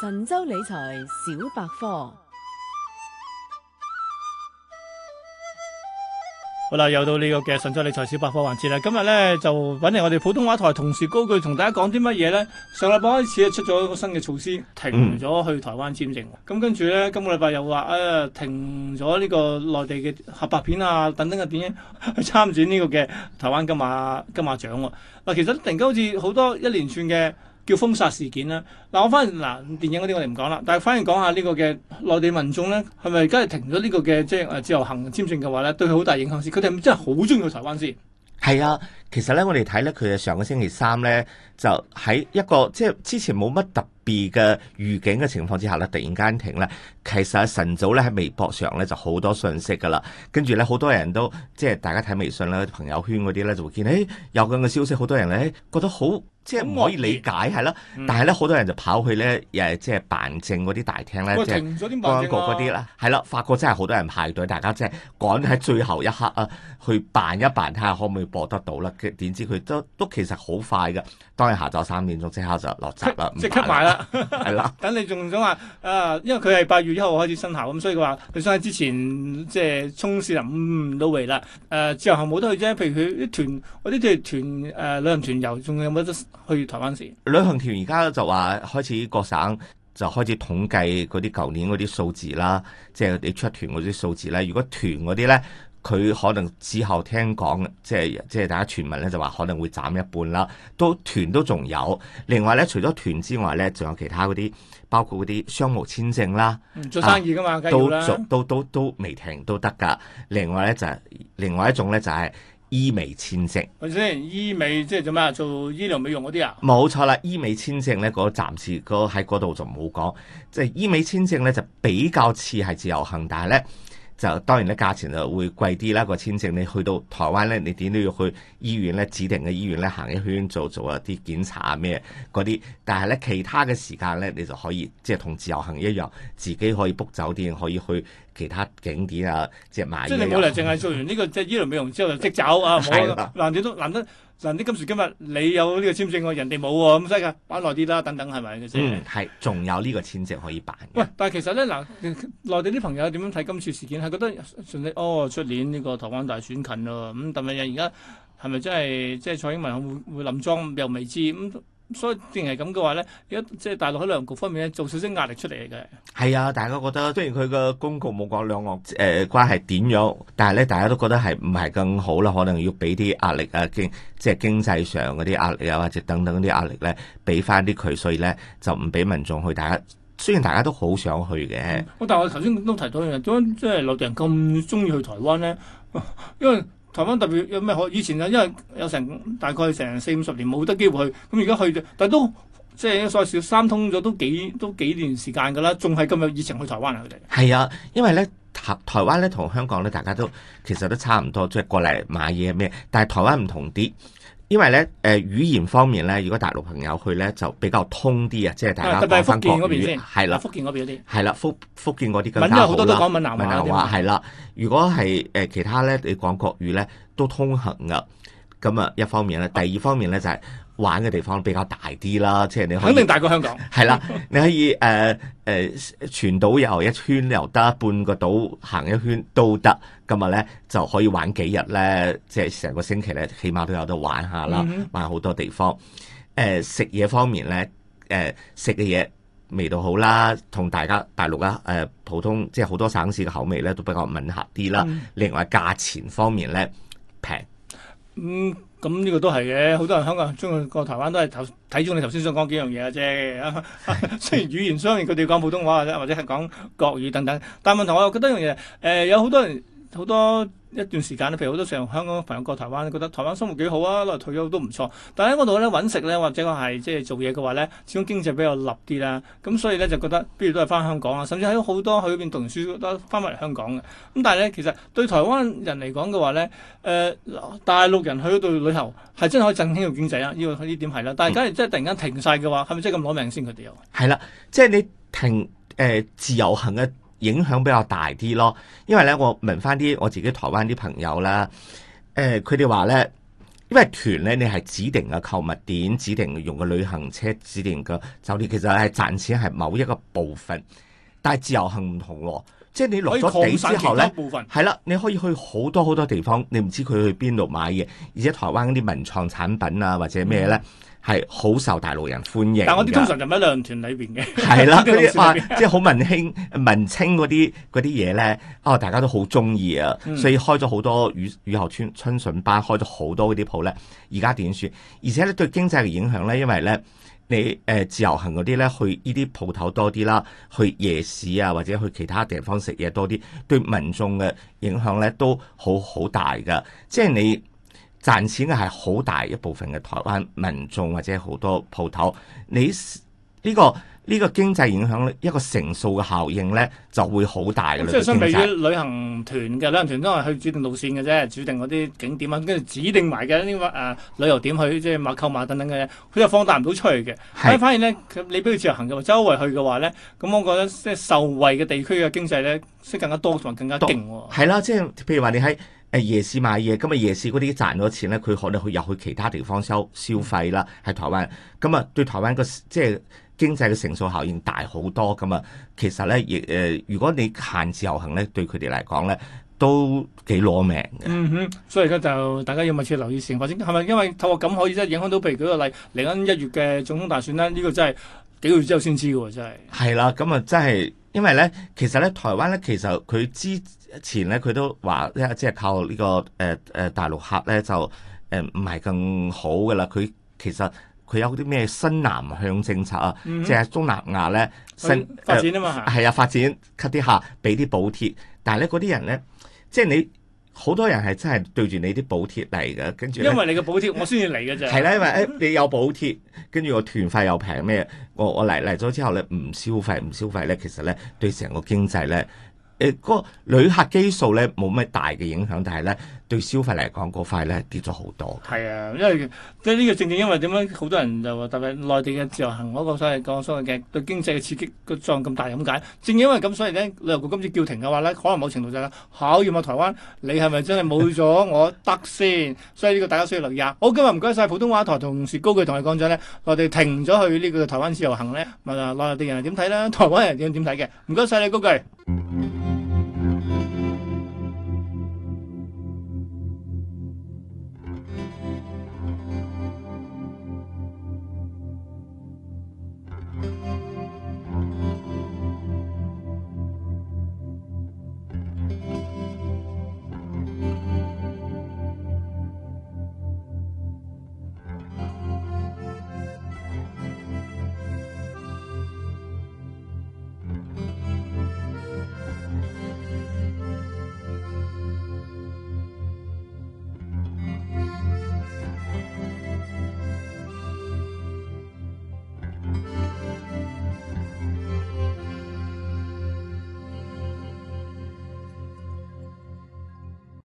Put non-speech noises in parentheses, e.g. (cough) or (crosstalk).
神州理財小百科，好啦，又到呢個嘅神州理財小百科環節啦。今日咧就揾嚟我哋普通話台同事高炬同大家講啲乜嘢咧？上禮拜開始出咗一個新嘅措施，停咗去台灣簽證。咁、嗯、跟住咧，今個禮拜又話、哎、停咗呢個內地嘅合拍片啊等等嘅電影去參展呢個嘅台灣金馬金馬獎。嗱，其實突然間好似好多一連串嘅。叫封殺事件啦！嗱，我反而嗱，那電影嗰啲我哋唔講啦，但係反而講下呢個嘅內地民眾咧，係咪而家係停咗呢個嘅即係自由行簽證嘅話咧，對佢好大影響先？佢哋係咪真係好中意台灣先？係啊，其實咧，我哋睇咧佢嘅上個星期三咧，就喺一個即係之前冇乜特別嘅預警嘅情況之下咧，突然間停咧，其實晨早咧喺微博上咧就好多信息㗎喇，跟住咧好多人都即係大家睇微信啦、朋友圈嗰啲咧就會見，誒、哎、有咁嘅消息，好多人咧、哎、覺得好。即係唔可以理解係啦、嗯、但係咧好多人就跑去咧即係辦證嗰啲大廳咧，即係嗰啲啦，係啦，發覺真係好多人排隊，大家即係趕喺最後一刻啊，去辦一辦睇下可唔可以博得到啦？點知佢都都其實好快㗎。當日下晝三點鐘即刻就落閘啦，即刻埋啦，係啦。等你仲想話啊、呃，因為佢係八月一號開始生效咁，所以佢話佢想喺之前即係衝刺到未啦，誒自由行冇得去啫。譬如佢啲團，我啲團團誒、呃、旅行團遊仲有冇得？去台灣市，旅行團而家就話開始各省就開始統計嗰啲舊年嗰啲數字啦，即係你出團嗰啲數字咧。如果團嗰啲呢，佢可能之後聽講，即係即係大家傳聞呢，就話可能會斬一半啦。都團都仲有。另外呢，除咗團之外呢，仲有其他嗰啲，包括嗰啲商務簽證啦、啊，做生意噶嘛，都都都都未停都得噶。另外呢、就係，就另外一種呢，就係、是。醫美簽證，咪先？醫美即係做咩啊？做醫療美容嗰啲啊？冇錯啦，醫美簽證咧，嗰個暫時喺嗰度就唔好講，即係醫美簽證咧就比較似係自由行，但係咧。就當然咧，價錢就會貴啲啦。個簽證你去到台灣咧，你點都要去醫院咧，指定嘅醫院咧行一圈，做做啊啲檢查啊咩嗰啲。但係咧其他嘅時間咧，你就可以即係同自由行一樣，自己可以 book 酒店，可以去其他景點啊，即係買即。即係你冇嚟淨係做完呢個即係醫療美容之後就即走啊！冇難，點都難得。難得嗱，你今時今日你有呢個簽證喎，人哋冇喎，咁即㗎，玩耐啲啦，等等係咪？先，係、嗯，仲有呢個簽證可以辦嘅。喂，但係其實咧，嗱、呃，內地啲朋友點樣睇今次事件？係覺得順利。哦，出年呢個台灣大選近咯，咁特別人而家係咪真係即係蔡英文會會連莊又未知咁。嗯所以定係咁嘅話咧，而家即係大陸喺兩局方面咧做少少壓力出嚟嘅。係啊，大家覺得雖然佢個公局冇講兩國誒關係、呃、點樣，但係咧大家都覺得係唔係更好啦？可能要俾啲壓力啊，經即係經濟上嗰啲壓力啊，或者等等啲壓力咧，俾翻啲佢，所以咧就唔俾民眾去。大家雖然大家都好想去嘅。我但我頭先都提到嘅，點解即係內地人咁中意去台灣咧？因為台灣特別有咩可？以前啊，因為有成大概成四五十年冇得機會去，咁而家去啫。但係都即係所謂小三通咗，都幾都幾年時間㗎啦，仲係咁有熱情去台灣啊！佢哋係啊，因為咧台台灣咧同香港咧大家都其實都差唔多，即係過嚟買嘢咩？但係台灣唔同啲。因為咧，誒語言方面咧，如果大陸朋友去咧，就比較通啲啊，即係大家講翻國語，係啦，福建嗰邊先係啦，福建嗰邊啲，係啦，福福建嗰啲講閩南話啦，係啦。如果係其他咧，你講國語咧都通行噶。咁啊，一方面咧，第二方面咧、啊、就係、是。玩嘅地方比較大啲啦，即、就、係、是、你肯定大過香港。係 (laughs) 啦，你可以誒誒、呃呃、全導遊一圈又得，半個島行一圈都得。今日呢就可以玩幾日呢，即係成個星期呢，起碼都有得玩下啦，嗯、玩好多地方。誒、呃、食嘢方面呢，誒、呃、食嘅嘢味道好啦，同大家大陸啊誒、呃、普通即係好多省市嘅口味呢都比較吻合啲啦、嗯。另外價錢方面呢，平，嗯。咁、嗯、呢、這個都係嘅，好多人香港人中意過台灣都係頭睇中你頭先想講幾樣嘢嘅啫。啊、 (laughs) (laughs) 雖然語言雖然佢哋講普通話或者或者係講國語等等，但係問題我又覺得一樣嘢、呃，有好多人。好多一段時間譬如好多成日香港朋友過台灣咧，覺得台灣生活幾好啊，落嚟退休都唔錯。但喺嗰度咧揾食咧，或者個係即係做嘢嘅話咧，始終經濟比較立啲啦。咁所以咧就覺得，不如都係翻香港啊。甚至喺好多去嗰邊讀書都翻返嚟香港嘅。咁但係咧，其實對台灣人嚟講嘅話咧，誒、呃、大陸人去嗰度旅遊係真係可以振興到經濟啊！呢個呢點係啦。但係假如真係突然間停晒嘅話，係咪真係咁攞命先？佢哋又係啦，即係、就是、你停誒、呃、自由行嘅。影響比較大啲咯，因為咧，我問翻啲我自己台灣啲朋友啦，誒，佢哋話咧，因為團咧，你係指定嘅購物點，指定用嘅旅行車，指定嘅酒店，其實係賺錢係某一個部分，但係自由行唔同喎。即係你落咗地之後咧，係啦，你可以去好多好多地方，你唔知佢去邊度買嘢。而且台灣嗰啲文創產品啊，或者咩呢？係、嗯、好受大陸人歡迎的。但我哋通常就喺旅行團裏邊嘅。係啦， (laughs) 們說 (laughs) 即係好文興、文青嗰啲啲嘢呢，啊、哦，大家都好中意啊、嗯，所以開咗好多雨後春筍班，開咗好多嗰啲鋪呢。而家點算？而且咧對經濟嘅影響呢，因為呢，你誒、呃、自由行嗰啲呢，去呢啲鋪頭多啲啦，去夜市啊，或者去其他地方。食嘢多啲，對民眾嘅影響呢都好好大㗎。即係你賺錢嘅係好大一部分嘅台灣民眾或者好多鋪頭，你。呢、這個呢、這個經濟影響咧，一個乘數嘅效應咧，就會好大嘅。即係相比於旅行團嘅旅行團都係去指定路線嘅啫，定指定嗰啲景點啊，跟住指定埋嘅一啲乜旅遊點去，即係買購買等等嘅，佢就放大唔到出去嘅。咁反而咧，你俾佢自由行嘅，周圍去嘅話咧，咁我覺得即係受惠嘅地區嘅經濟咧，即係更加多同埋更加勁、啊。係啦，即係譬如話你喺誒夜市買嘢，咁啊夜市嗰啲賺咗錢咧，佢可能去又去其他地方收消費啦，喺、嗯、台灣咁啊，對台灣個即係。經濟嘅乘數效應大好多咁啊，其實咧，亦、呃、誒，如果你限自由行咧，對佢哋嚟講咧，都幾攞命嘅。嗯哼，所以而家就大家要密切留意性。或者係咪因為透過咁可以真係影響到？譬如舉個例，嚟緊一月嘅總統大選咧，呢、這個真係幾個月之後先知嘅喎，真係。係啦，咁啊，真係，因為咧，其實咧，台灣咧，其實佢之前咧，佢都話咧，即係靠、這個呃呃、呢個誒誒大陸客咧，就誒唔係更好嘅啦。佢其實。佢有啲咩新南向政策啊？即、嗯、係、就是、中南亞咧，新發展啊嘛，係、呃、啊發展 cut 啲客，俾啲補貼。但係咧，嗰啲人咧，即係你好多人係真係對住你啲補貼嚟嘅，跟住因為你嘅補貼我，我先至嚟嘅啫。係啦，因為誒你有補貼，跟住我團費又平咩？我我嚟嚟咗之後咧，唔消費唔消費咧，其實咧對成個經濟咧。誒、呃那個旅客基數咧冇咩大嘅影響，但係咧對消費嚟講嗰塊咧跌咗好多。係啊，因為即係呢個正正因為點呢？好多人就話特別內地嘅自由行嗰個所謂、那個所謂，所謂講所謂嘅對經濟嘅刺激個作用咁大，咁解正正因為咁，所以咧旅遊局今次叫停嘅話咧，可能某程度就考驗我台灣你係咪真係冇咗我得 (laughs) 先。所以呢個大家需要留意啊。好，今日唔該晒普通話台同事高炬同你講咗咧，內地停咗去呢個台灣自由行咧，問、就、下、是啊、內地人點睇啦，台灣人點睇嘅。唔該晒你高炬。嗯嗯